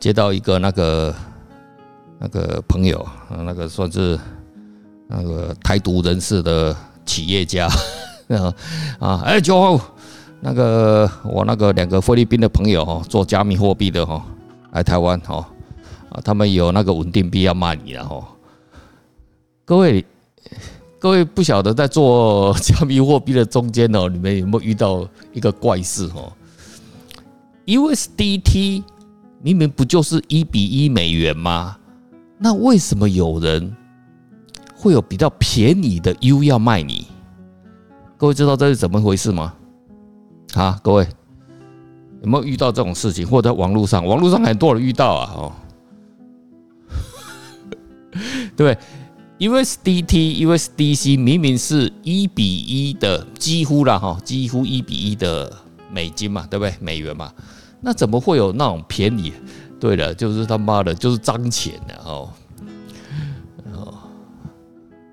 接到一個那個那個朋友，那個算是那個台獨人士的企業家，啊 啊哎呦，那個我那個兩個菲律賓的朋友哈，做加密貨幣的哈，來台灣哈，啊他們有那個穩定幣要賣你了哈。各位各位不曉得在做加密貨幣的中間呢，你們有沒有遇到一個怪事哈？USDT。明明不就是一比一美元嗎？那為什麼有人會有比較便宜的 U 要賣你？各位知道這是怎麼回事嗎？啊，各位有沒有遇到這種事情？或者在網絡上，網絡上很多人遇到啊！哦， 對，USDT、USDC 明明是一比一的幾乎啦，幾乎了哈，幾乎一比一的美金嘛，對不對？美元嘛。那怎麼會有那種便宜？對的，就是他媽的，就是髒錢的哦，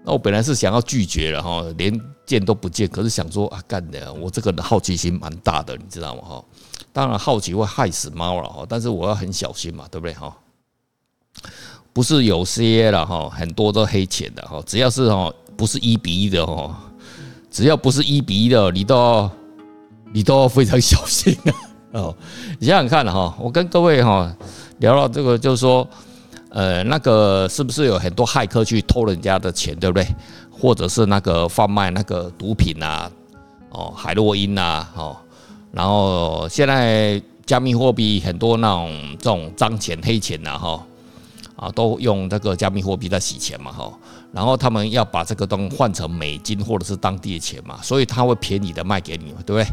那我本來是想要拒絕了哈、喔，連見都不見。可是想說啊，幹的，我這個人好奇心蠻大的，你知道嗎？哈，當然好奇會害死貓了哈。但是我要很小心嘛，對不對？哈，不是有些了哈，很多都黑錢的哈。只要是哈，不是一比一的哈，只要不是一比一的，你都要你都要非常小心啊。哦、喔，你想想看哈、喔，我跟各位哈、喔、聊到這個，就是說，呃，那個是不是有很多駭客去偷人家的錢，對不對？或者是那個販賣那個毒品啊，哦、喔，海洛因啊，哦、喔，然後現在加密貨幣很多那種這種髒錢、黑錢吶、啊，哈，啊，都用這個加密貨幣在洗錢嘛，哈、喔，然後他們要把這個東西換成美金或者是當地的錢嘛，所以他會便宜的賣給你，對不對？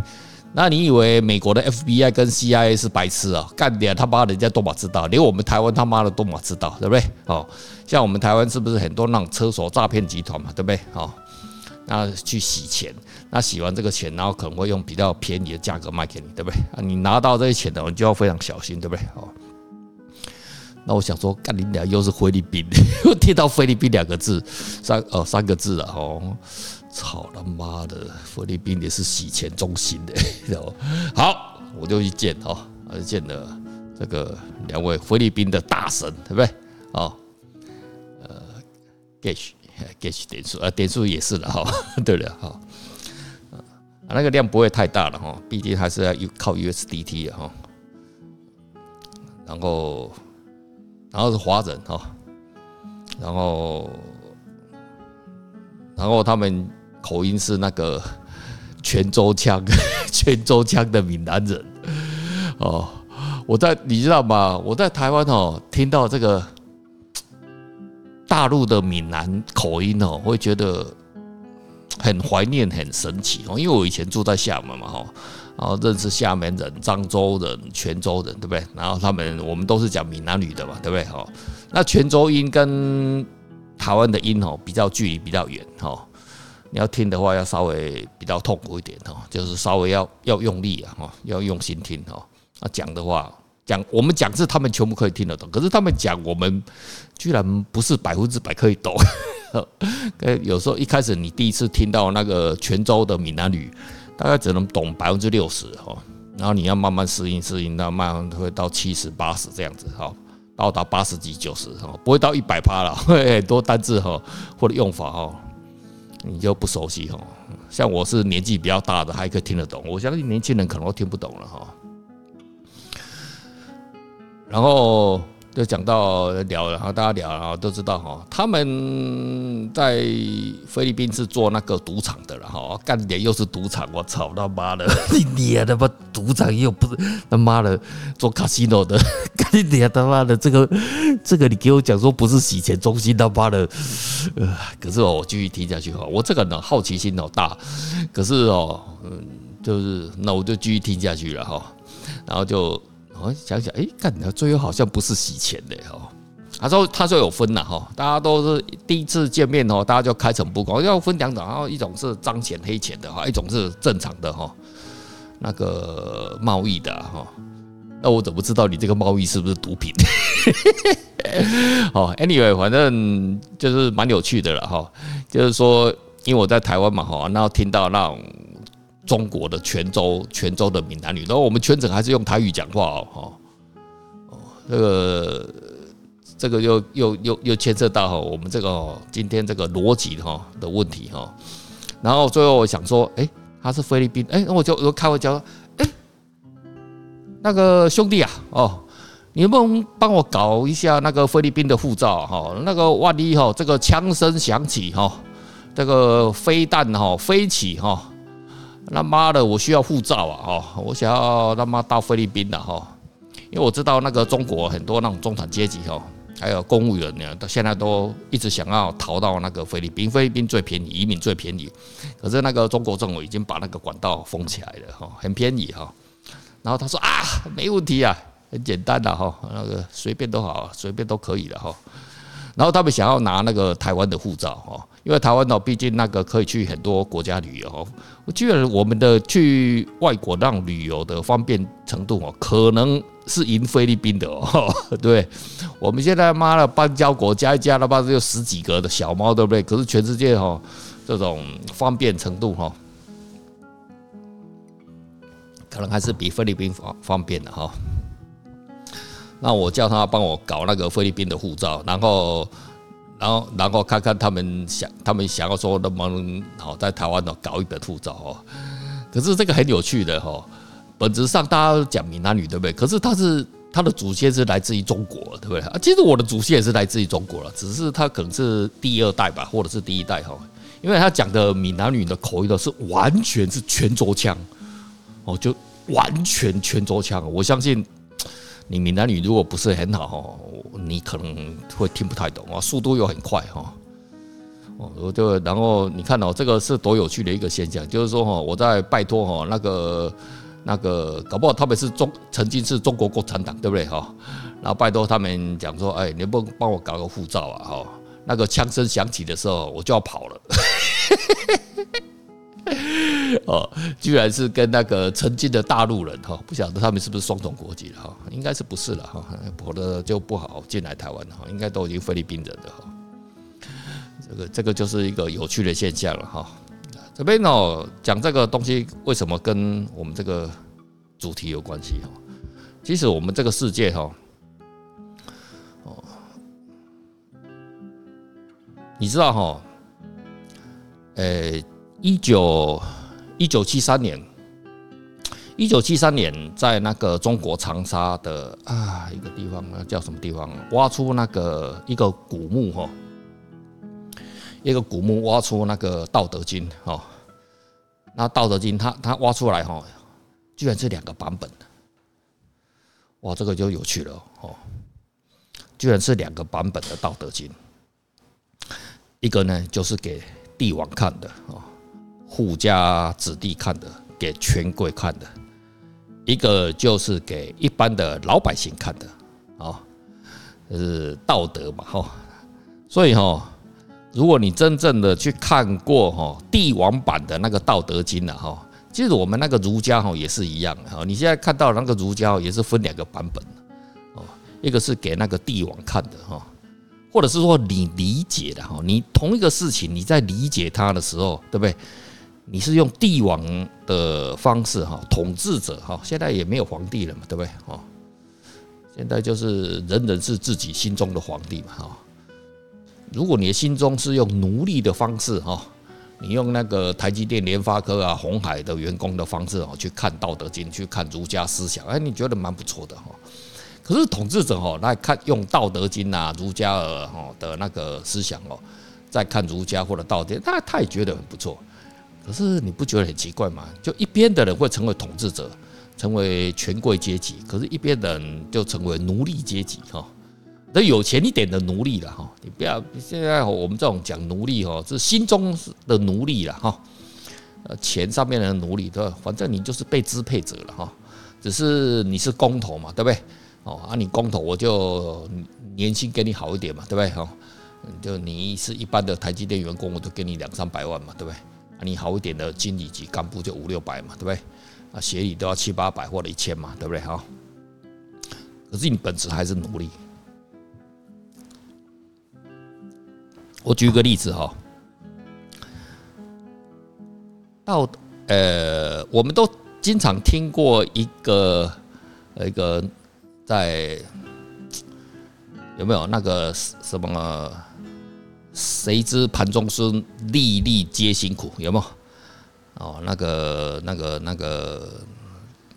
那你以為美國的 FBI 跟 CIA 是白痴啊？幹點他媽人家都嘛知道，連我們台灣他媽的都嘛知道，對不對？哦，像我們台灣是不是很多那種車手詐騙集團嘛，對不對？哦，那去洗錢，那洗完這個錢，然後可能會用比較便宜的價格賣給你，對不對？啊，你拿到這些錢的話就要非常小心，對不對？哦，那我想說，幹你娘又是菲律賓，我聽到菲律賓兩個字，三哦三個字了，哦。操他媽的，菲律賓也是洗錢中心的，知道不？好，我就去見哈，而見了這個兩位菲律賓的大神，對不對？哦，呃 g e t g e t 點數，呃，點數也是了哈，對不對？哈，啊，那個量不會太大了哈，畢竟還是要 U 靠 USDT 的哈，然後，然後是華人哈，然後，然後他們。口音是那個泉州腔，泉州腔的閩南人哦。我在你知道嗎？我在台灣哦，聽到這個大陸的閩南口音哦，會覺得很懷念、很神奇哦。因為我以前住在廈門嘛哈，然後認識廈門人、漳州人、泉州人，對不對？然後他們我們都是講閩南語的嘛，對不對？哈，那泉州音跟台灣的音哦，比較距離比較遠哈。你要聽的話，要稍微比較痛苦一點哦，就是稍微要要用力啊，哈，要用心聽哈，那講的話，講我們講是他們全部可以聽得懂，可是他們講我們居然不是百分之百可以懂。有時候一開始你第一次聽到那個泉州的閩南語，大概只能懂百分之六十哈，然後你要慢慢適應適應，到慢慢會到七十八十這樣子哈，到達八十幾九十哈，不會到一百趴了，會很多單字哈或者用法哈。你就不熟悉哈、喔，像我是年紀比較大的，還可以聽得懂。我相信年輕人可能都聽不懂了哈。然後。就講到聊了，然後大家聊，然後都知道哈，他們在菲律賓是做那個賭場的了哈，幹點又是賭場，我操他媽的， 你點他媽賭場又不是他媽的做卡西諾的，的 幹你點他媽的，的這個這個你給我講說不是洗錢中心他媽的，呃，可是哦，我繼續聽下去哈，我這個人好奇心好大，可是哦，就是那我就繼續聽下去了哈，然後就。我想想，哎、欸，幹什麼最後好像不是洗錢的哦。他說，他說有分了哈，大家都是第一次見面哦，大家就開誠布公，要分兩種，然後一種是髒錢、黑錢的哈，一種是正常的哈，那個貿易的哈。那我怎麼知道你這個貿易是不是毒品？哦 ，Anyway，反正就是蠻有趣的了哈。就是說，因為我在台灣嘛哈，然後聽到那種。中國的泉州，泉州的閩南語，然後我們全程還是用台語講話哦，哦，這個，這個又又又又牽涉到我們這個今天這個邏輯哈的問題哈，然後最後我想說，哎，他是菲律賓，哎，我就我就開玩笑說，哎，那個兄弟啊，哦，你能不能幫我搞一下那個菲律賓的護照哈？那個萬一哈，這個槍聲響起哈，這個飛彈哈飛起哈。那媽的，我需要護照啊！哦，我想要他媽到菲律賓的哈，因為我知道那個中國很多那種中產階級哈，還有公務員呢，現在都一直想要逃到那個菲律賓，菲律賓最便宜，移民最便宜。可是那個中國政府已經把那個管道封起來了哈，很便宜哈。然後他說啊，沒問題啊，很簡單了哈，那個隨便都好，隨便都可以的哈。然後他們想要拿那個台灣的護照哦，因為台灣哦，畢竟那個可以去很多國家旅遊哦。我記得我們的去外國那種旅遊的方便程度哦，可能是贏菲律賓的哦，對我們現在媽的邦交國家一家了吧，只有十幾個的小貓，對不對？可是全世界哈，這種方便程度哈，可能還是比菲律賓方方便的哈。那我叫他幫我搞那個菲律賓的護照，然後，然後，然後看看他們想，他們想要說能不能好在台灣呢搞一本護照哦，可是這個很有趣的哈，本質上大家講閩南語對不對？可是他是他的祖先是來自於中國對不對？啊，其實我的祖先也是來自於中國了，只是他可能是第二代吧，或者是第一代哈，因為他講的閩南語的口音都是完全是泉州腔，哦，就完全泉州腔，我相信。你閩南語如果不是很好，你可能會聽不太懂啊。速度又很快哈，我就然後你看哦，這個是多有趣的一個現象，就是說哈，我在拜托哈那個那個搞不好他們是中曾經是中國共產黨對不對哈？然後拜托他們講說，哎，你不能幫我搞個護照啊哈？那個槍聲響起的時候，我就要跑了。 哦，居然是跟那個曾經的大陸人哈，不曉得他們是不是雙重國籍了哈，應該是不是了哈，我的就不好進來台灣了哈，應該都已經菲律賓人的哈，這個這個就是一個有趣的現象了哈。這邊呢講這個東西，為什麼跟我們這個主題有關係哈？其實我們這個世界哈，哦，你知道哈，誒、欸。一九一九七三年，一九七三年在那個中國長沙的啊一個地方啊叫什麼地方？挖出那個一個古墓哈，一個古墓挖出那個《道德經》哈，那《道德經》它它挖出來哈，居然是兩個版本的，哇，這個就有趣了哦，居然是兩個版本的《道德經》，一個呢就是給帝王看的哦。富家子弟看的，給權貴看的，一個就是給一般的老百姓看的哦，就是道德嘛哈。所以哈，如果你真正的去看過哈，帝王版的那個《道德經》了。哈，其實我們那個儒家哈也是一樣哈。你現在看到那個儒家也是分兩個版本的哦，一個是給那個帝王看的哈，或者是說你理解的哈，你同一個事情你在理解它的時候，對不對？你是用帝王的方式哈，統治者哈，現在也沒有皇帝了嘛，對不對哈？現在就是人人是自己心中的皇帝嘛哈。如果你的心中是用奴隸的方式哈，你用那個台積電、聯發科啊、鴻海的員工的方式哦去看《道德經》，去看儒家思想，哎，你覺得蠻不錯的哈。可是統治者哦那看用《道德經》吶、儒家哦的那個思想哦，在看儒家或者道德經他他也覺得很不錯。可是你不覺得很奇怪嗎？就一邊的人會成為統治者，成為權貴階級，可是，一邊的人就成為奴隸階級哈。那、哦、有錢一點的奴隸了哈，你不要現在我們這種講奴隸哦，是心中的奴隸了哈。呃、哦，錢上面的奴隸對，反正你就是被支配者了哈、哦。只是你是工頭嘛，對不對？哦，啊，你工頭我就年薪給你好一點嘛，對不對？哈、哦，就你是一般的台積電員工，我就給你兩三百萬嘛，對不對？你好一點的經理級幹部就五六百嘛，對不對？啊，協理都要七八百或者一千嘛，對不對？哈，可是你本質還是努力。我舉個例子哈，到呃，我們都經常聽過一個一個在有沒有那個什麼？誰知盤中餐，粒粒皆辛苦，有沒有？哦，那個、那個、那個，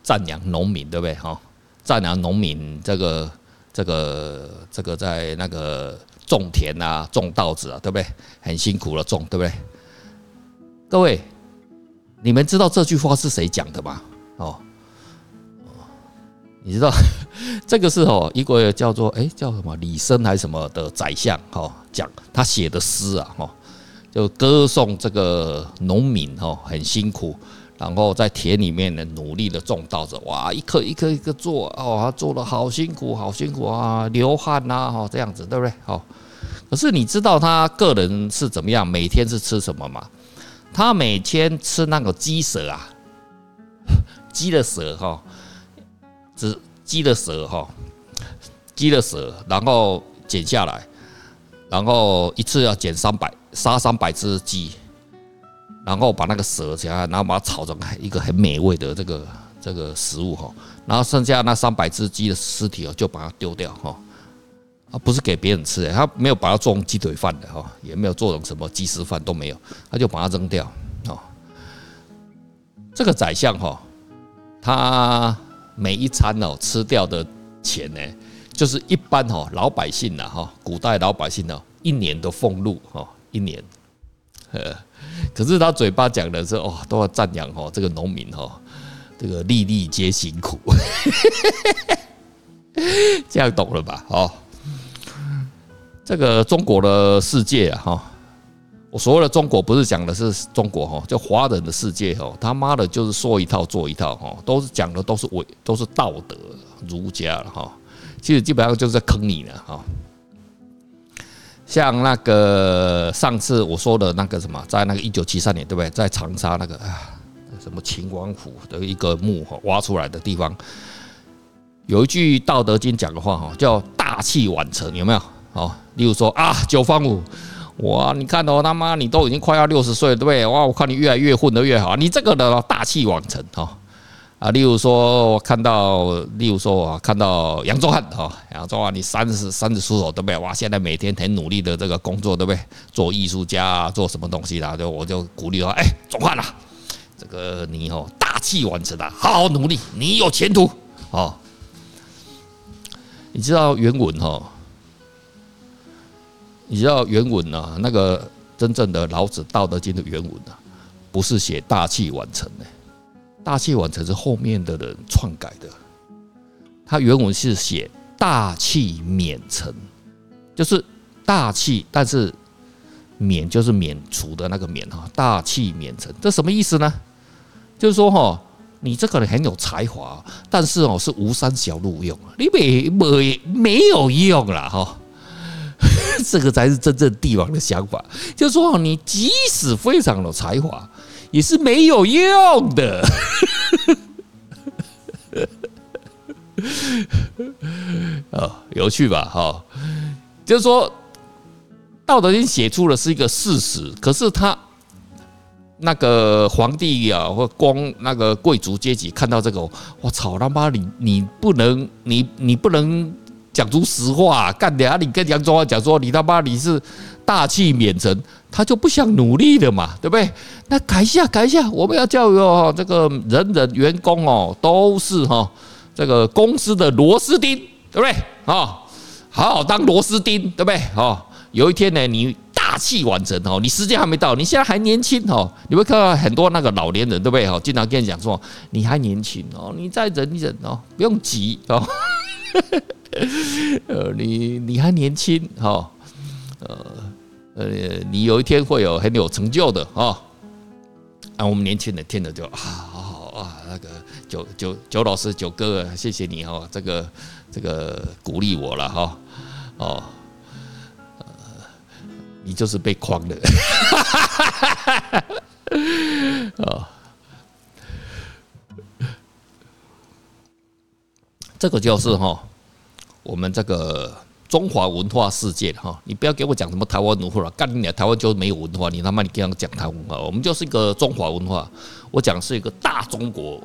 讚揚農民，對不對？哈、哦，讚揚農民，這個、這個、這個，在那個種田啊，種稻子啊，對不對？很辛苦了，種，對不對？各位，你們知道這句話是誰講的嗎？哦，你知道 這個是哦一個叫做哎、欸、叫什麼李紳還是什麼的宰相哈？哦講他寫的詩啊，就歌頌這個農民哦，很辛苦，然後在田裡面呢，努力的種稻子，哇，一顆一顆一顆做哦，做得好辛苦，好辛苦啊，流汗吶，啊，這樣子對不對？可是你知道他個人是怎麼樣？每天是吃什麼嗎？他每天吃那個雞舌啊，雞的舌哈，隻雞的舌哈，雞的舌，然後剪下來。然後一次要撿三百，殺三百只雞，然後把那個蛇，然後把它炒成一個很美味的這個這個食物哈。然後剩下那三百只雞的屍體哦，就把它丟掉哈。啊，不是給別人吃的，他沒有把它做成雞腿飯的哈，也沒有做成什麼雞絲飯都沒有，他就把它扔掉哦。這個宰相哈，他每一餐哦吃掉的錢呢？就是一般哈老百姓吶哈，古代老百姓呢，一年的俸祿哈一年，可是他嘴巴講的是哦，都要讚揚哦，這個農民哈，這個粒粒皆辛苦， 這樣懂了吧？哈，這個中國的世界哈，我所謂的中國不是講的是中國哈，就華人的世界哦，他媽的，就是說一套做一套哈，都是講的都是偽，都是道德儒家了哈。其實基本上就是在坑你了哈，像那個上次我說的那個什麼，在那個一九七三年對不對？在長沙那個啊什麼秦王府的一個墓挖出來的地方，有一句《道德經》講的話哈，叫“大器晚成”，有沒有？哦，例如說啊，久方武，哇，你看哦、喔，他媽你都已經快要六十歲了，對不對？哇，我看你越來越混得越好，你這個的大器晚成哈。啊，例如說我看到，例如說我看到楊宗翰哈，楊、哦、宗翰你三十三十出頭，對不對？哇，現在每天很努力的這個工作，對不對？做藝術家、啊，做什麼東西啦、啊，就我就鼓勵說，哎，宗翰吶，這個你以、哦、後大器晚成的、啊，好好努力，你有前途。哦。你知道原文哈、哦？你知道原文吶、啊？那個真正的老子《道德經》的原文吶、啊，不是寫大器晚成的、欸。大器晚成是後面的人篡改的，他原文是寫“大器免成”，就是“大器”，但是“免”就是免除的那個“免”哈，“大器免成”這什麼意思呢？就是說哈，你這個人很有才華，但是哦，是無三小路用你，你沒沒沒有用啦哈。這個才是真正帝王的想法，就是說你即使非常有才華。也是沒有用的。嗯， 有趣吧？哈，就是說，《道德經》寫出的是一個事實，可是他那個皇帝啊，或光那個貴族階級看到這個，我操，他媽你你不能，你你不能講出實話，幹掉。你跟楊中漢講說，你他媽你是大器免成。他就不想努力了嘛，對不對？那改一下，改一下，我們要教育哦，這個人人員工哦都是哈，這個公司的螺絲釘，對不對？哦，好好當螺絲釘，對不對？哦，有一天呢，你大器晚成哦，你時間還沒到，你現在還年輕哦，你會看到很多那個老年人，對不對？哦，經常跟你講說，你還年輕哦，你再忍一忍哦，不用急哦，呃， 你你還年輕哦。呃，你有一天會有很有成就的啊！啊，我們年輕人聽了就啊，好好啊，那個久久久老師久哥，謝謝你哦、喔，這個這個鼓勵我了哈，哦，你就是被框的，啊，這個就是哈，我們這個。中華文化世界哈，你不要給我講什麼台灣奴化了？幹你台灣就沒有文化，你他媽你這樣講台灣文化，我們就是一個中華文化，我講是一個大中國，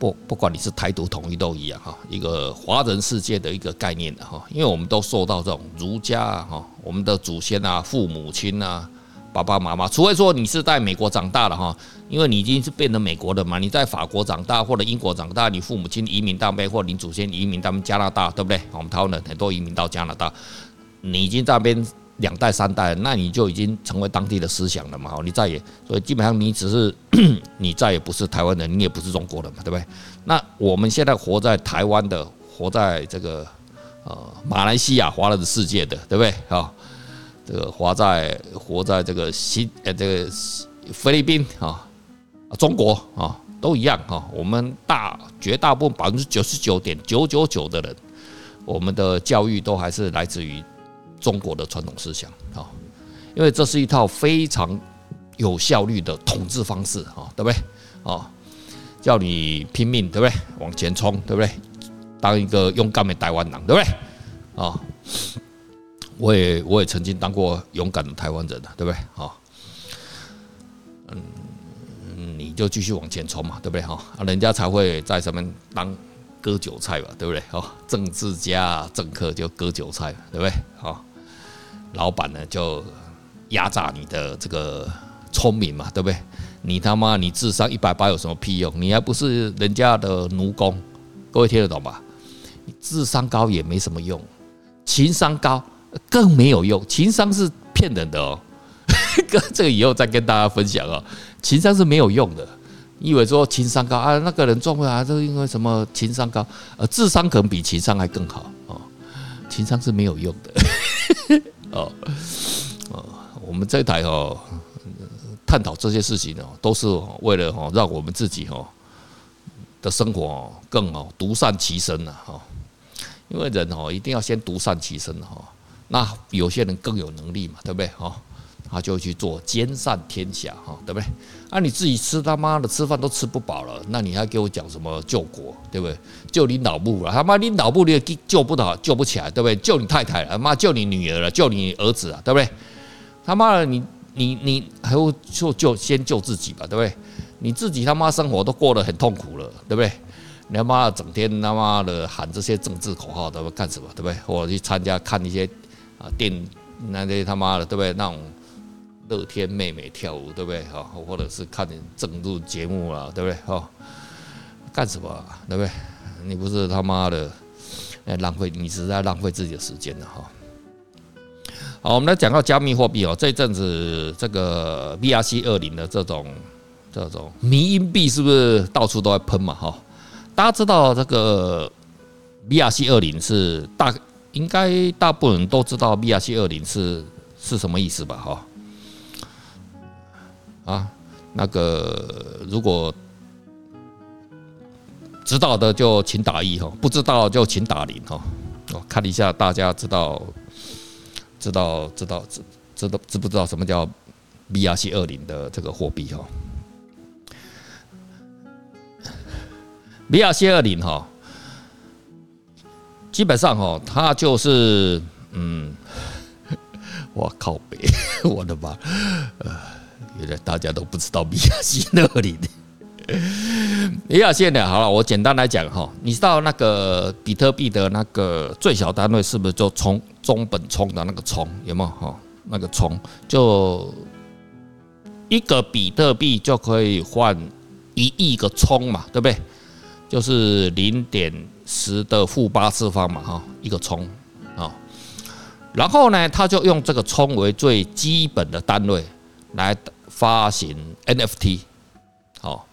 不不管你是台獨統一都一樣哈，一個華人世界的一個概念哈，因為我們都受到這種儒家哈，我們的祖先啊、父母親啊。爸爸媽媽，除非說你是在美國長大的哈，因為你已經是變成美國人嘛。你在法國長大或者英國長大，你父母親移民到那邊，或者你祖先移民到加拿大，對不對？我們台灣人很多移民到加拿大，你已經在那邊兩代三代，那你就已經成為當地的思想了嘛。你再也所以基本上你只是你再也不是台灣人，你也不是中國人嘛，對不對？那我們現在活在台灣的，活在這個呃馬來西亞華人的世界的，對不對？啊。這個華在活在這個新，呃這個菲律賓啊，啊中國啊都一樣啊。我們大絕大部分百分之九十九點九九九的人，我們的教育都還是來自於中國的傳統思想啊。因為這是一套非常有效率的統治方式啊，對不對啊？叫你拼命，對不對？往前衝，對不對？當一個勇敢的台灣人，對不對？啊。我也我也曾經當過勇敢的台灣人了，對不對？好，嗯，你就繼續往前衝嘛，對不對？哈，人家才會在上面當割韭菜嘛，對不對？哈，政治家、政客就割韭菜，對不對？哈，老闆呢就壓榨你的這個聰明嘛，對不對？你他媽你智商一百八有什麼屁用？你還不是人家的奴工？各位聽得懂吧？智商高也沒什麼用，情商高。更沒有用，情商是騙人的哦。哥，這個以後再跟大家分享哦。情商是沒有用的，你以為說情商高啊，那個人賺不了，就因為什麼？情商高，呃，智商可能比情商還更好哦。情商是沒有用的呵呵哦。呃、哦，我們這一台哦，探討這些事情哦，都是為了哈、哦，讓我們自己哦的生活、哦、更好、哦，獨善其身吶、啊、哈、哦。因為人哦，一定要先獨善其身哦。那有些人更有能力嘛，對不對？哦，他就去做兼善天下，哈，對不對？那、啊、你自己吃他媽的吃飯都吃不飽了，那你還給我講什麼救國，對不對？救你老母啊，他媽你老母你也救不到，救不起來，對不對？救你太太了，他媽救你女兒了，救你兒子啊，對不對？他媽的你，你你你還會救救先救自己吧，對不對？你自己他媽生活都過得很痛苦了，對不對？你他媽的整天他媽的喊這些政治口號，他幹什麼？對不對？我去參加看一些。啊，電那些他媽的，對不對？那種樂天妹妹跳舞，對不對？哈，或者是看點政治節目了，對不對？哈，幹什麼、啊？對不對？你不是他媽的，哎，浪費！你是在浪費自己的時間了，哈。好，我們來講到加密貨幣哦，這陣子這個 BRC 二零的這種這種迷因幣是不是到處都在噴嘛？哈，大家知道這個 BRC 二零是大。應該大部分人都知道 BRC-20 是是什麼意思吧？哈，啊，那個如果知道的就請打一哈，不知道就請打零哈。我看一下大家知道，知道知道知知道知道知不知道什麼叫 BRC-20 的這個貨幣哈？BRC-20 哈。基本上哈，它就是嗯，我靠北， 我的媽，原來大家都不知道。米亞西那裡的 米的，你亞，現在好了，我簡單來講哈，你知道那個比特幣的那個最小單位是不是就“從中本衝的那個“衝”有沒有哈？那個“衝”就一個比特幣就可以換一億個“衝”嘛，對不對？就是零點。十的負八次方嘛，哈，一個聰，然後呢，他就用這個聰為最基本的單位來發行 NFT，好，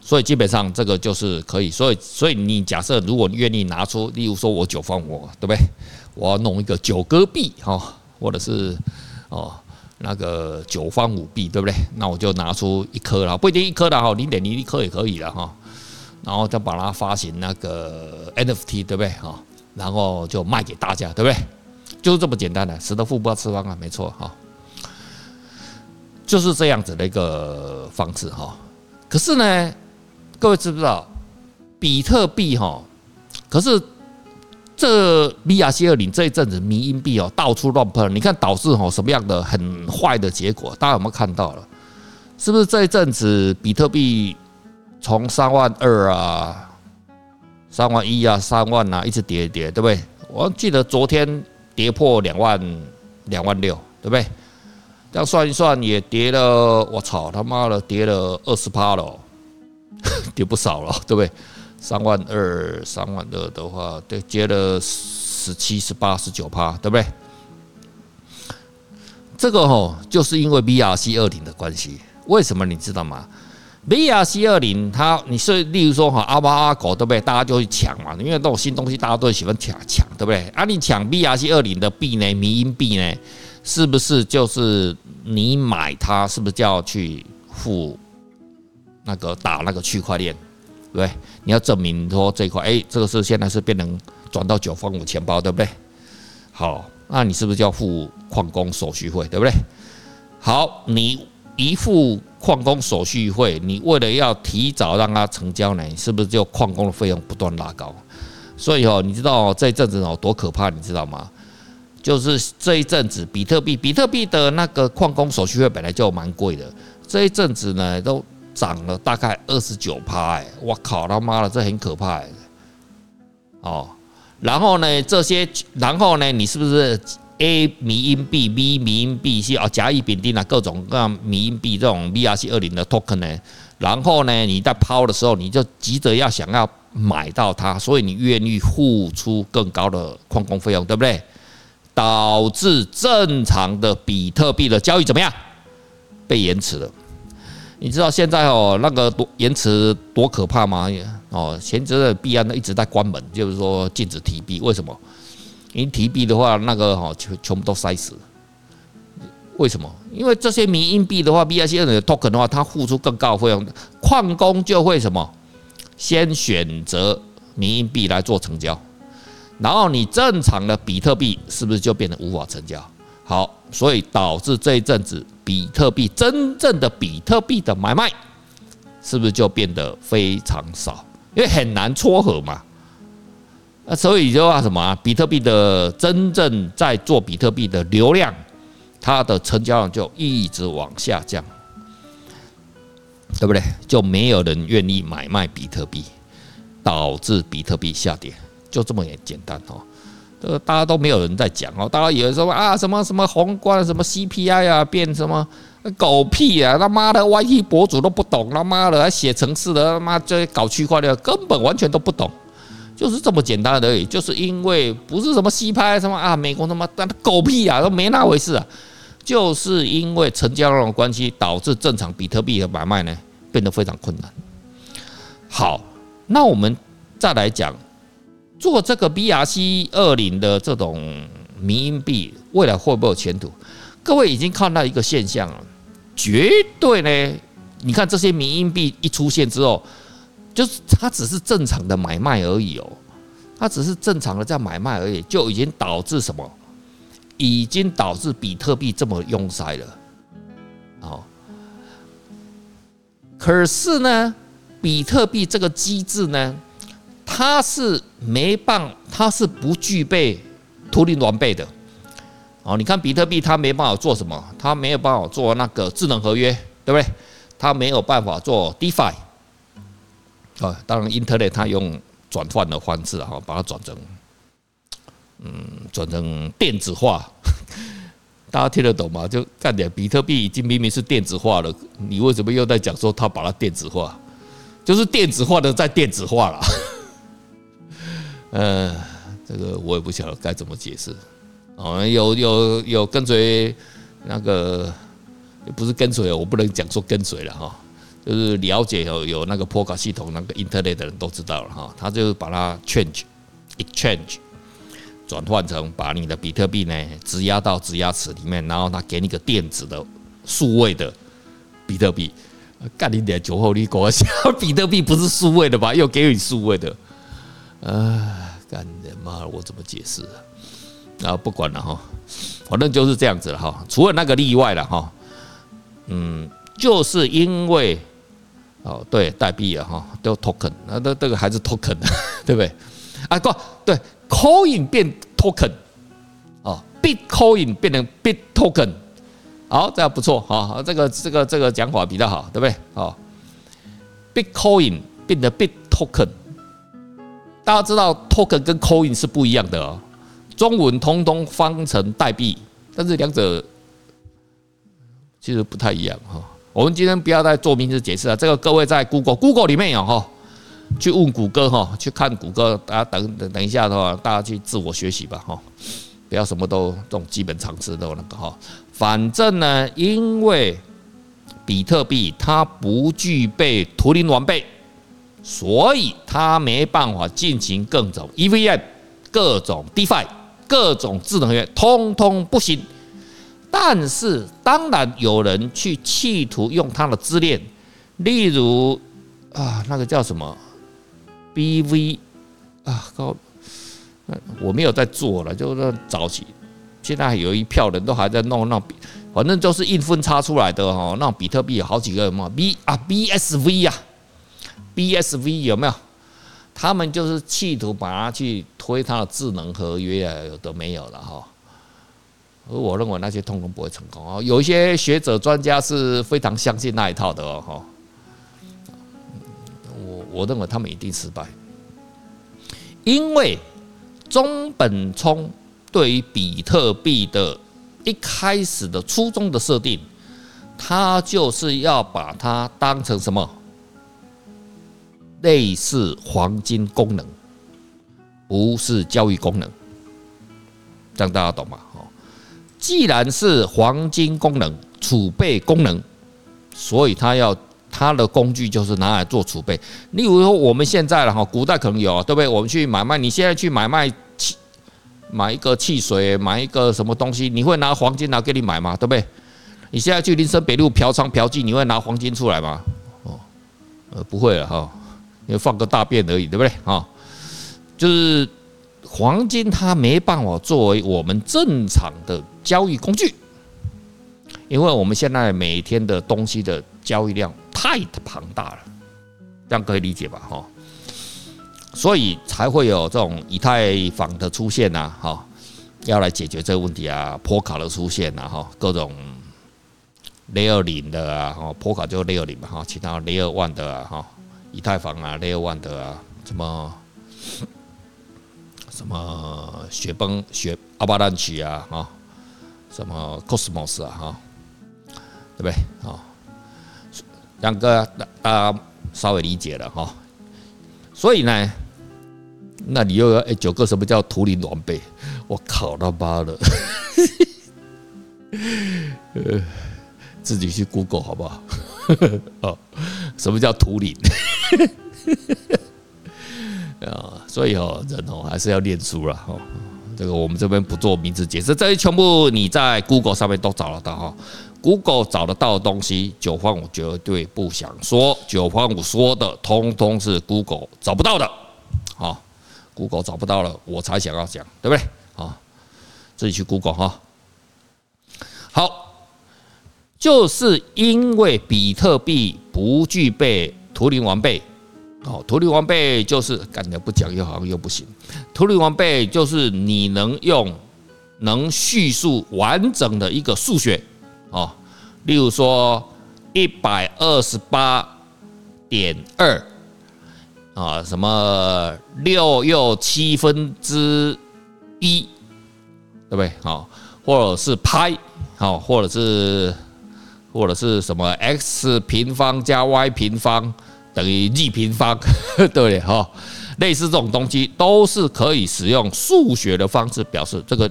所以基本上這個就是可以，所以所以你假設如果你願意拿出，例如說我久方武，對不對？我要弄一個久哥幣，哈，或者是哦那個久方武幣，對不對？那我就拿出一顆了，不一定一顆的哈，零點零一顆也可以了，哈。然後再把它發行那個 NFT，對不對哈，然後就賣給大家，對不對？就是這麼簡單的，使得富不要吃方啊，沒錯哈，就是這樣子的一個方式哈。可是呢，各位知不知道，比特幣哈？可是這 BRC 二零這一陣子，迷因幣哦，到處亂噴，你看導致哈什麼樣的很壞的結果？大家有沒有看到了？是不是這一陣子比特幣？從三萬二啊，三萬一啊，三萬吶、啊，一直跌一跌，對不對？我記得昨天跌破兩萬，兩萬六，對不對？這樣算一算，也跌了，我操，他媽的，跌了二十趴了， 跌不少了，對不對？三萬二，三萬二的話，對，跌了十七、十八、十九趴，對不對？這個哦，就是因為 BRC 二零的關係，為什麼你知道嗎？BRC 二零，它你是例如說哈阿貓阿狗對不對？大家就會搶嘛，因為那種新東西大家都喜歡搶搶，對不對？啊，你搶 BRC 二零的幣呢，迷因幣呢，是不是就是你買它是不是就要去付那個打那個區塊鏈，對不對？你要證明說這塊，誒、欸，這個是現在是變成轉到九分五錢包，對不對？好，那你是不是就要付礦工手續費，對不對？好，你。一付礦工手續費，你為了要提早讓它成交呢，是不是就礦工的費用不斷拉高？所以哦，你知道這一陣子哦多可怕，你知道嗎？就是這一陣子比，比特幣，比特幣的那個礦工手續費本來就蠻貴的，這一陣子呢都漲了大概二十九趴，哎、欸，我靠，他媽的，這很可怕、欸。哦，然後呢，這些，然後呢，你是不是？A B, B, B, B, C, 米英、B、B 米英、B、C 啊，甲乙丙丁啊，各種各樣米因幣這種 BRC 二零的 token 呢，然後呢，你在拋的時候，你就急着要想要買到它，所以你願意付出更高的礦工費用，對不對？導致正常的比特幣的交易怎麼樣？被延遲了。你知道現在哦、喔，那個多延遲多可怕嗎？哦，前者的幣安一直在關門，就是說禁止提幣，為什麼？你提幣的話，那個哈全全部都塞死了。為什麼？因為這些銘文幣的話，BRC-20 的 Token 的話，它付出更高的費用，礦工就會什麼？先選擇銘文幣來做成交，然後你正常的比特幣是不是就變得無法成交？好，所以導致這一陣子比特幣真正的比特幣的買賣，是不是就變得非常少？因為很難撮合嘛。那所以就啊，什麼比特幣的真正在做比特幣的流量，它的成交量就一直往下降，對不對？就沒有人願意買賣比特幣，導致比特幣下跌，就這麼也簡單哦、喔。呃，大家都沒有人在講哦、喔。大家以為說啊，什麼什麼宏觀，什麼 CPI 啊，變什麼狗屁啊，他媽的，YT 博主都不懂，他媽的還寫程式的，他媽就搞區塊鏈，根本完全都不懂。就是這麼簡單而已，就是因為不是什麼西拍什麼啊，美國他媽的狗屁啊，都沒那回事啊，就是因為成交量的關係導致正常比特幣的買賣呢變得非常困難。好，那我們再來講做這個 BRC 二零的這種迷因幣未來會不會有前途？各位已經看到一個現象了，絕對呢，你看這些迷因幣一出現之後。就是它只是正常的買賣而已哦、喔，它只是正常的在買賣而已，就已經導致什麼？已經導致比特幣這麼擁塞了，哦。可是呢，比特幣這個機制呢，它是沒辦法，它是不具備圖靈完備的。哦，你看比特幣它沒辦法做什麼？它沒有辦法做那個智能合約，對不對？它沒有辦法做 DeFi。啊，當然，Internet 他用轉換的方式啊，把它轉成，嗯，轉成電子化呵呵，大家聽得懂嗎？就乾點，比特幣已經明明是電子化了，你為什麼又在講說他把它電子化？就是電子化的再電子化了，嗯、呃，這個我也不曉得該怎麼解釋。哦、啊，有有有跟隨那個，不是跟隨，我不能講說跟隨了哈。就是了解有有那個波卡系統那個 Interlay 的人都知道了哈，他就是把它 change exchange 轉換成把你的比特幣呢質押到質押池裡面，然後他給你個電子的數位的比特幣。幹你點酒後你給我笑，比特幣不是數位的吧？又給你數位的，啊，幹你媽！我怎麼解釋啊？然後不管了哈，反正就是這樣子了哈。除了那個例外了哈，嗯，就是因為。哦，對，代幣啊，哈，都 token，那那這個還是 token，對不對？啊，對，coin 變 token，哦，Bitcoin 變成 bit token，好，這樣不錯，哈，這個，這個這個這個講法比較好，對不對？哦，Bitcoin 變得 bit token，大家知道 token 跟 coin 是不一樣的，中文通通翻成代幣，但是兩者其實不太一樣，哈。我們今天不要再做名詞解釋了，這個各位在 Google Google 裡面有、哦、哈，去問谷歌哈、哦，去看谷歌。大家等等等一下的話，大家去自我學習吧哈、哦，不要什麼都這種基本常識都那個哈、哦。反正呢，因為比特幣它不具備圖靈完備，所以它沒辦法進行各種 EVM 各種 DeFi 各種智能合約，通通不行。但是當然有人去企圖用它的自戀，例如啊那個叫什麼 B V 啊，高，我沒有在做了，就是早期，現在有一票人都還在弄那比，反正就是硬分叉出來的哈，那比特幣有好幾個什麼 B 啊 B S V 啊 B S V 有沒有？他們就是企圖把它去推它的智能合約啊，有的沒有了哈。而我認為那些通通不會成功啊！有一些學者專家是非常相信那一套的哦，哈，我我認為他們一定失敗，因為中本聰對於比特幣的一開始的初衷的設定，他就是要把它當成什麼類似黃金功能，不是交易功能，這樣大家懂嗎？既然是黃金功能、儲備功能，所以它要它的工具就是拿來做儲備。例如說，我們現在了哈，古代可能有啊，對不對？我們去買賣，你現在去買賣汽，買一個汽水，買一個什麼東西，你會拿黃金拿給你買嗎？對不對？你現在去林森北路嫖娼嫖妓，你會拿黃金出來嗎？哦，呃，不會了哈，你放個大便而已，對不對？哈，就是。黃金它沒辦法作為我們正常的交易工具，因為我們現在每天的東西的交易量太龐大了，這樣可以理解吧？哈，所以才會有這種以太坊的出現吶，哈，要來解決這個問題啊，波卡的出現吶，哈，各種 Layer 0的啊，哈，波卡就 Layer 0嘛，哈，其他 Layer 1的啊，哈，以太坊啊，Layer 1的啊，什麼？什麼雪崩，雪阿巴蘭奇啊，哈，什麼 Cosmos 啊、哈、啊，對不對啊？兩個啊，啊，稍微理解了哈、啊。所以呢，那你又要哎、欸、九個什麼叫圖靈完備？我靠，他媽的，呃，自己去 Google 好不好？哦，什麼叫圖靈？ 啊，所以哦，人哦還是要念書了哈。這個我們這邊不做名詞解釋，這些全部你在 Google 上面都找得到哈。Google 找得到的東西，久方武絕對不想說。久方武說的，通通是 Google 找不到的。啊，Google 找不到了，我才想要講，對不對？啊，自己去 Google 哈。好，就是因為比特幣不具備圖靈完備。哦，圖靈完備就是感覺不講又好像又不行。圖靈完備就是你能用能敘述完整的一個數學，哦，例如說一百二十八點二啊，什麼六又七分之一，對不對？哦，或者是 π，哦，或者是或者是什麼 x 平方加 y 平方。等於一平方，對不對？哈，類似這種東西都是可以使用數學的方式表示，這個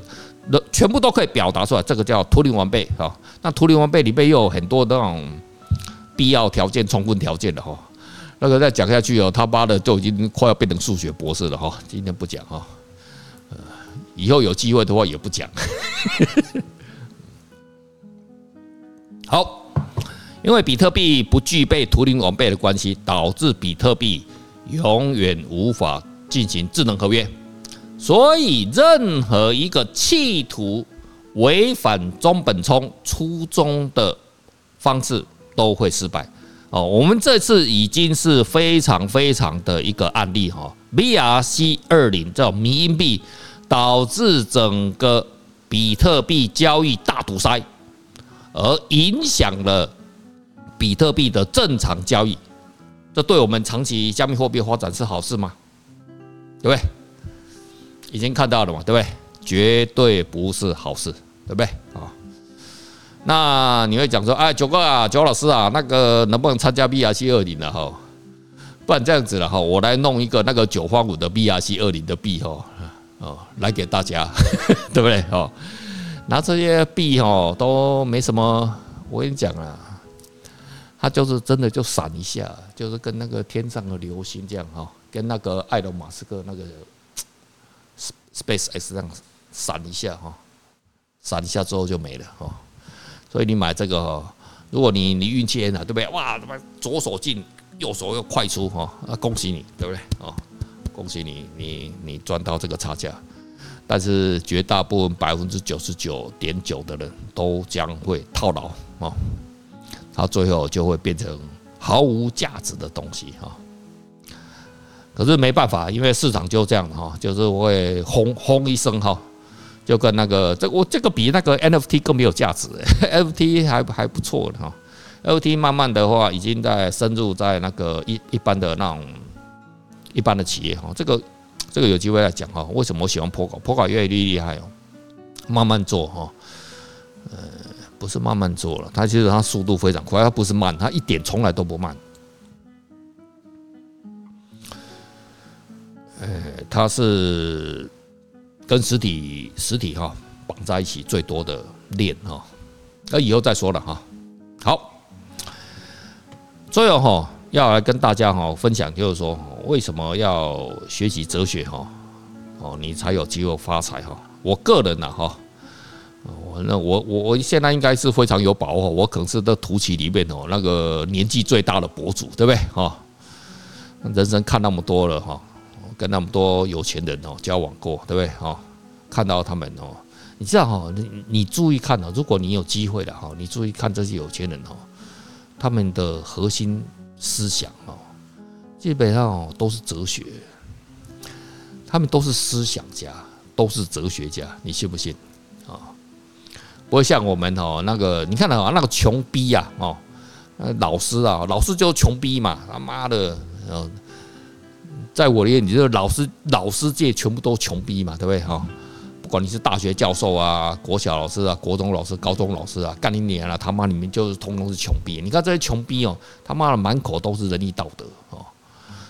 都全部都可以表達出來。這個叫圖靈完備，哈。那圖靈完備裡面又有很多這種必要條件、充分條件的，哈。那個再講下去哦，他媽的就已經快要變成數學博士了，哈。今天不講，哈。以後有機會的話也不講。 好。因為比特幣不具備圖靈完備的關係，導致比特幣永遠無法進行智能合約，所以任何一個企圖違反中本聰初衷的方式都會失敗。哦，我們這次已經是非常非常的一個案例哈，BRC-20 叫迷因幣，導致整個比特幣交易大堵塞，而影響了。比特幣的正常交易，這對我們長期加密貨幣發展是好事嗎？對不對？已經看到了嘛，對不對？絕對不是好事，對不對？啊，那你會講說，哎，久哥啊，久老師啊，那個能不能參加 B R C 二零的哈？不然這樣子了哈，我來弄一個那個久方武的 B R C 二零的幣哈，哦，來給大家， 對不對？哦，拿這些幣哈都沒什麼，我跟你講啊。他就是真的就閃一下，就是跟那個天上的流星這樣哈，跟那個埃隆馬斯克那個 Space X 這樣閃一下哈，閃一下之後就沒了哈。所以你買這個，如果你你運氣很好，對不對？哇，他媽左手進，右手又快出哈，恭喜你，對不對？啊，恭喜你，你你賺到這個差價。但是絕大部分百分之九十九點九的人都將會套牢啊。它最後就會變成毫無價值的東西哈。可是沒辦法，因為市場就這樣哈，就是會轟轟一聲哈。就跟那個這我這個比那個 NFT 更沒有價值，NFT 還還不錯呢哈。NFT 慢慢的話已經在深入在那個一一般的那種一般的企業哈。這個這個有機會來講哈，為什麼我喜歡破搞破搞越來越厲害哦，慢慢做哈。不是慢慢做了，他其實他速度非常快，他不是慢，他一點從來都不慢。哎，他是跟實體實體哈綁在一起最多的鏈哈，那以後再說了哈。好，最後哈要來跟大家哈分享，就是說為什麼要學習哲學哈？哦，你才有機會發財哈。我個人呢哈。那我我我現在應該是非常有把握，我可能是的土耳其裡面哦，那個年紀最大的博主，對不對？哈，人生看那麼多了哈，跟那麼多有錢人哦交往過，對不對？哈，看到他們哦，你知道哈，你你注意看哦，如果你有機會了哈，你注意看這些有錢人哦，他們的核心思想哦，基本上哦都是哲學，他們都是思想家，都是哲學家，你信不信？不會像我們哦，那個你看到啊，那個窮逼呀、啊、哦，老師啊，老師就窮逼嘛，他、啊、媽的，在我眼裡，就是老師老師界全部都窮逼嘛，對不對哈、嗯？不管你是大學教授啊，國小老師啊，國中老師，高中老師啊，幹一年了，他媽你們就是通通是窮逼。你看這些窮逼哦，他媽的滿口都是仁義道德哦，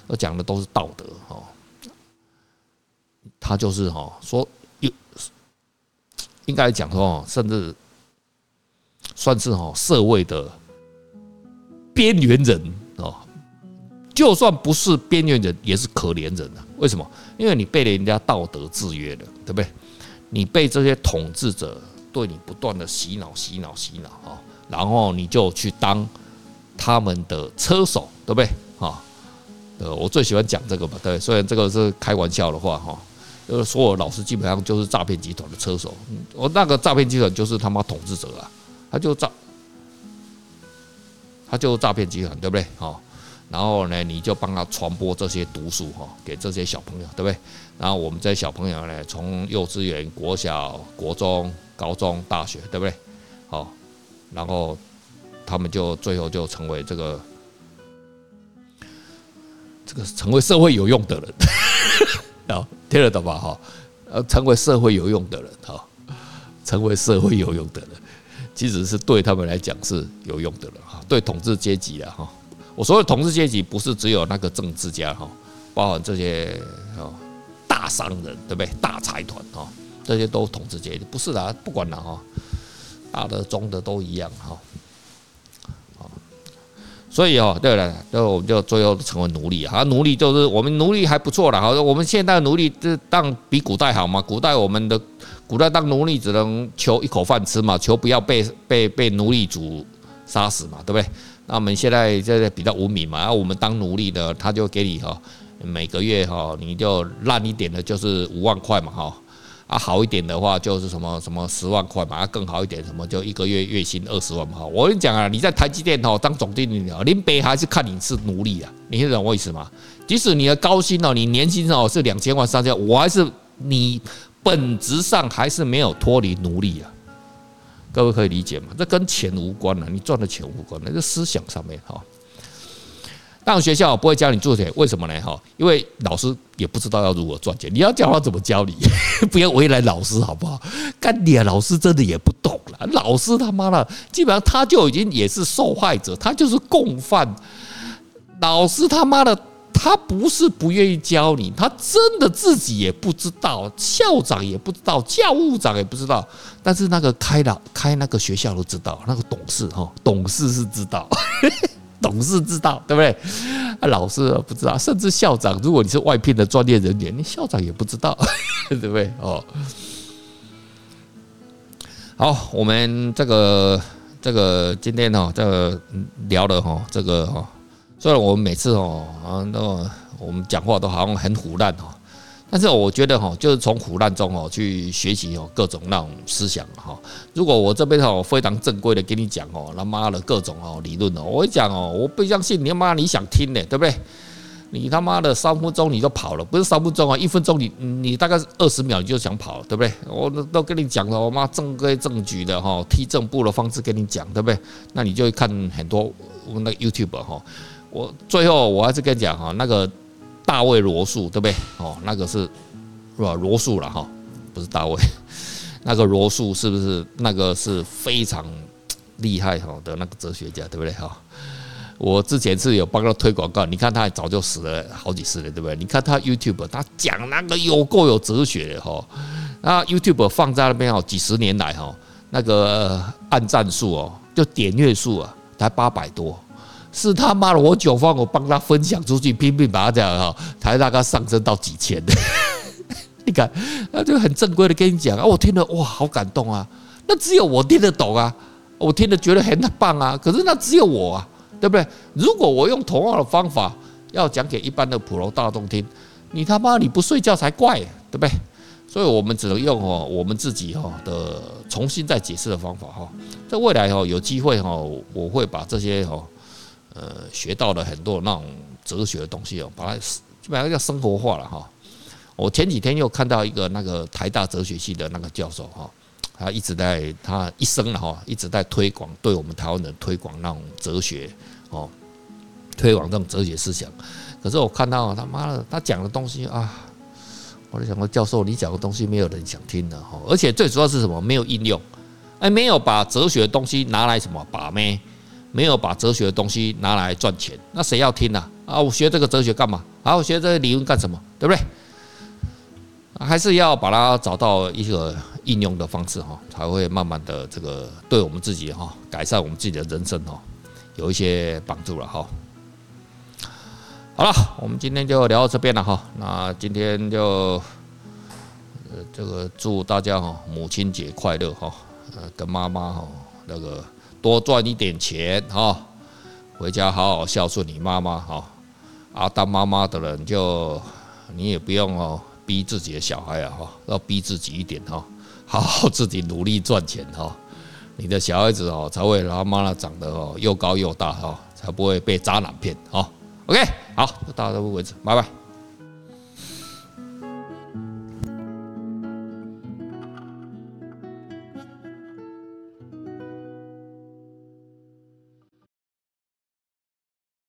講的都是道德哦，他就是哈說。應該講說，甚至算是哦社會的邊緣人哦。就算不是邊緣人，也是可憐人啊。為什麼？因為你被人家道德制約了，對不對？你被這些統治者對你不斷的洗腦、洗腦、洗腦啊，然後你就去當他們的車手，對不對？啊，呃，我最喜歡講這個嘛，對。雖然這個是開玩笑的話，哈。就是所有老師基本上就是詐騙集團的車手，我那個詐騙集團就是他媽統治者啊，他就詐，他就詐騙集團對不對？好，然後呢，你就幫他傳播這些毒素哈，給這些小朋友對不對？然後我們這些小朋友呢，從幼稚園、國小、國中、高中、大學對不對？好，然後他們就最後就成為這個，這個成為社會有用的人啊。 了的吧哈，呃，成為社會有用的人哈，成為社會有用的人，其實是對他們來講是有用的人哈。對統治階級的哈，我所謂統治階級不是只有那個政治家哈，包含這些哦大商人對不對？大財團哈，這些都統治階級，不是啦，不管了哈，大的、中的、的都一樣哈。所以哈、喔，對了，那我們就最後成為奴隸啊！奴隸就是我們奴隸還不錯了，好，我們現在的奴隸就當比古代好嘛？古代我們的古代當奴隸只能求一口飯吃嘛，求不要被被被被奴隸主殺死嘛，對不對？那我們現在就是比較文明嘛，然後我們當奴隸的他就給你哈，每個月哈，你就爛一點的就是五萬塊嘛，哈。啊，好一點的話就是什麼什麼十萬塊嘛，啊，更好一點什麼就一個月月薪二十萬嘛。我跟你講啊，你在台積電哦當總經理啊，林北還是看你是奴隸啊，你是懂我意思嗎？即使你的高薪哦，啊，你年薪哦是兩千萬、三千萬，我還是你本質上還是沒有脫離奴隸啊。各位可以理解嗎？這跟錢無關啊，你賺的錢無關，那是思想上面哈。當學校不會教你賺錢，為什麼呢？哈，因為老師也不知道要如何賺錢。你要教他怎麼教你，不要為難老師，好不好？乾爹、啊、老師真的也不懂了。老師他媽的，基本上他就已經也是受害者，他就是共犯。老師他媽的，他不是不願意教你，他真的自己也不知道，校長也不知道，教務長也不知道，但是那個開了開那個學校都知道，那個董事哈，董事是知道。 總是知道，對不對？啊、老師不知道，甚至校長，如果你是外聘的專業人員，你校長也不知道， 對不對？哦，好，我們這個這個今天呢，這個聊了哈，這個哈，雖然我們每次哦啊，那我們講話都好像很虎爛哈。但是我覺得哈，就是從苦難中哦去學習哦各種那種思想哈。如果我這邊哦非常正規的跟你講哦，他媽的各種哦理論哦，我一講哦，我不相信你媽你想聽呢、欸，對不對？你他媽的三分鐘你就跑了，不是三分鐘啊，一分鐘你你大概二十秒你就想跑，對不對？我都跟你講了，我媽正規正矩的哈，踢正步的方式跟你講，對不對？那你就會看很多那個 YouTube 哈。我最後我還是跟你講哈那個。大衛·羅素，對不對？哦，那個是，是吧？羅素了哈、哦，不是大衛，那個羅素是不是那個是非常厲害哈的那個哲學家，對不對哈、哦？我之前是有幫他推廣告，你看他早就死了好幾次了，對不對？你看他 YouTube，他講那個有夠有哲學的哈、哦。那 YouTube 放在那邊哦，幾十年來哈、哦，那個按讚數哦，就點閱數啊，才八百多。是他媽的，我九方我幫他分享出去，拼命把他這樣才大概上升到幾千的。 你看，他就很正規的跟你講啊，我聽了哇，好感動啊。那只有我聽得懂啊，我聽得覺得很棒啊。可是那只有我啊，對不對？如果我用同樣的方法要講給一般的普羅大眾聽，你他媽你不睡覺才怪，對不對？所以我們只能用哦，我們自己哈的重新再解釋的方法哈，在未來哈有機會哈，我會把這些哈。呃，學到了很多那種哲學的東西哦，把它基本上叫生活化了哈。我前幾天又看到一個那個台大哲學系的那個教授哈，他一直在他一生了哈，一直在推廣，對我們台灣人推廣那種哲學哦，推廣這種哲學思想。可是我看到他媽的他講的東西啊，我就想說教授，你講的東西沒有人想聽的哈，而且最主要是什麼？沒有應用，哎，沒有把哲學的東西拿來什麼把脈。沒有把哲學的東西拿來賺錢，那誰要聽呢？啊，啊，我學這個哲學幹嘛？啊，我學這個理論幹什麼？對不對？啊，還是要把它找到一個應用的方式哈，才會慢慢的這個對我們自己哈，改善我們自己的人生哈，有一些幫助了哈。好了，我們今天就聊到這邊了哈。那今天就這個祝大家哈母親節快樂哈，跟媽媽哈那個。多賺一點錢哈，回家好好孝順你媽媽哈。啊，當媽媽的人就你也不用哦，逼自己的小孩啊哈，要逼自己一點哈，好好自己努力賺錢哈。你的小孩子哦才會讓他媽媽長得哦又高又大哈，才不會被渣男騙哈。OK，好，就到這步為止，拜拜。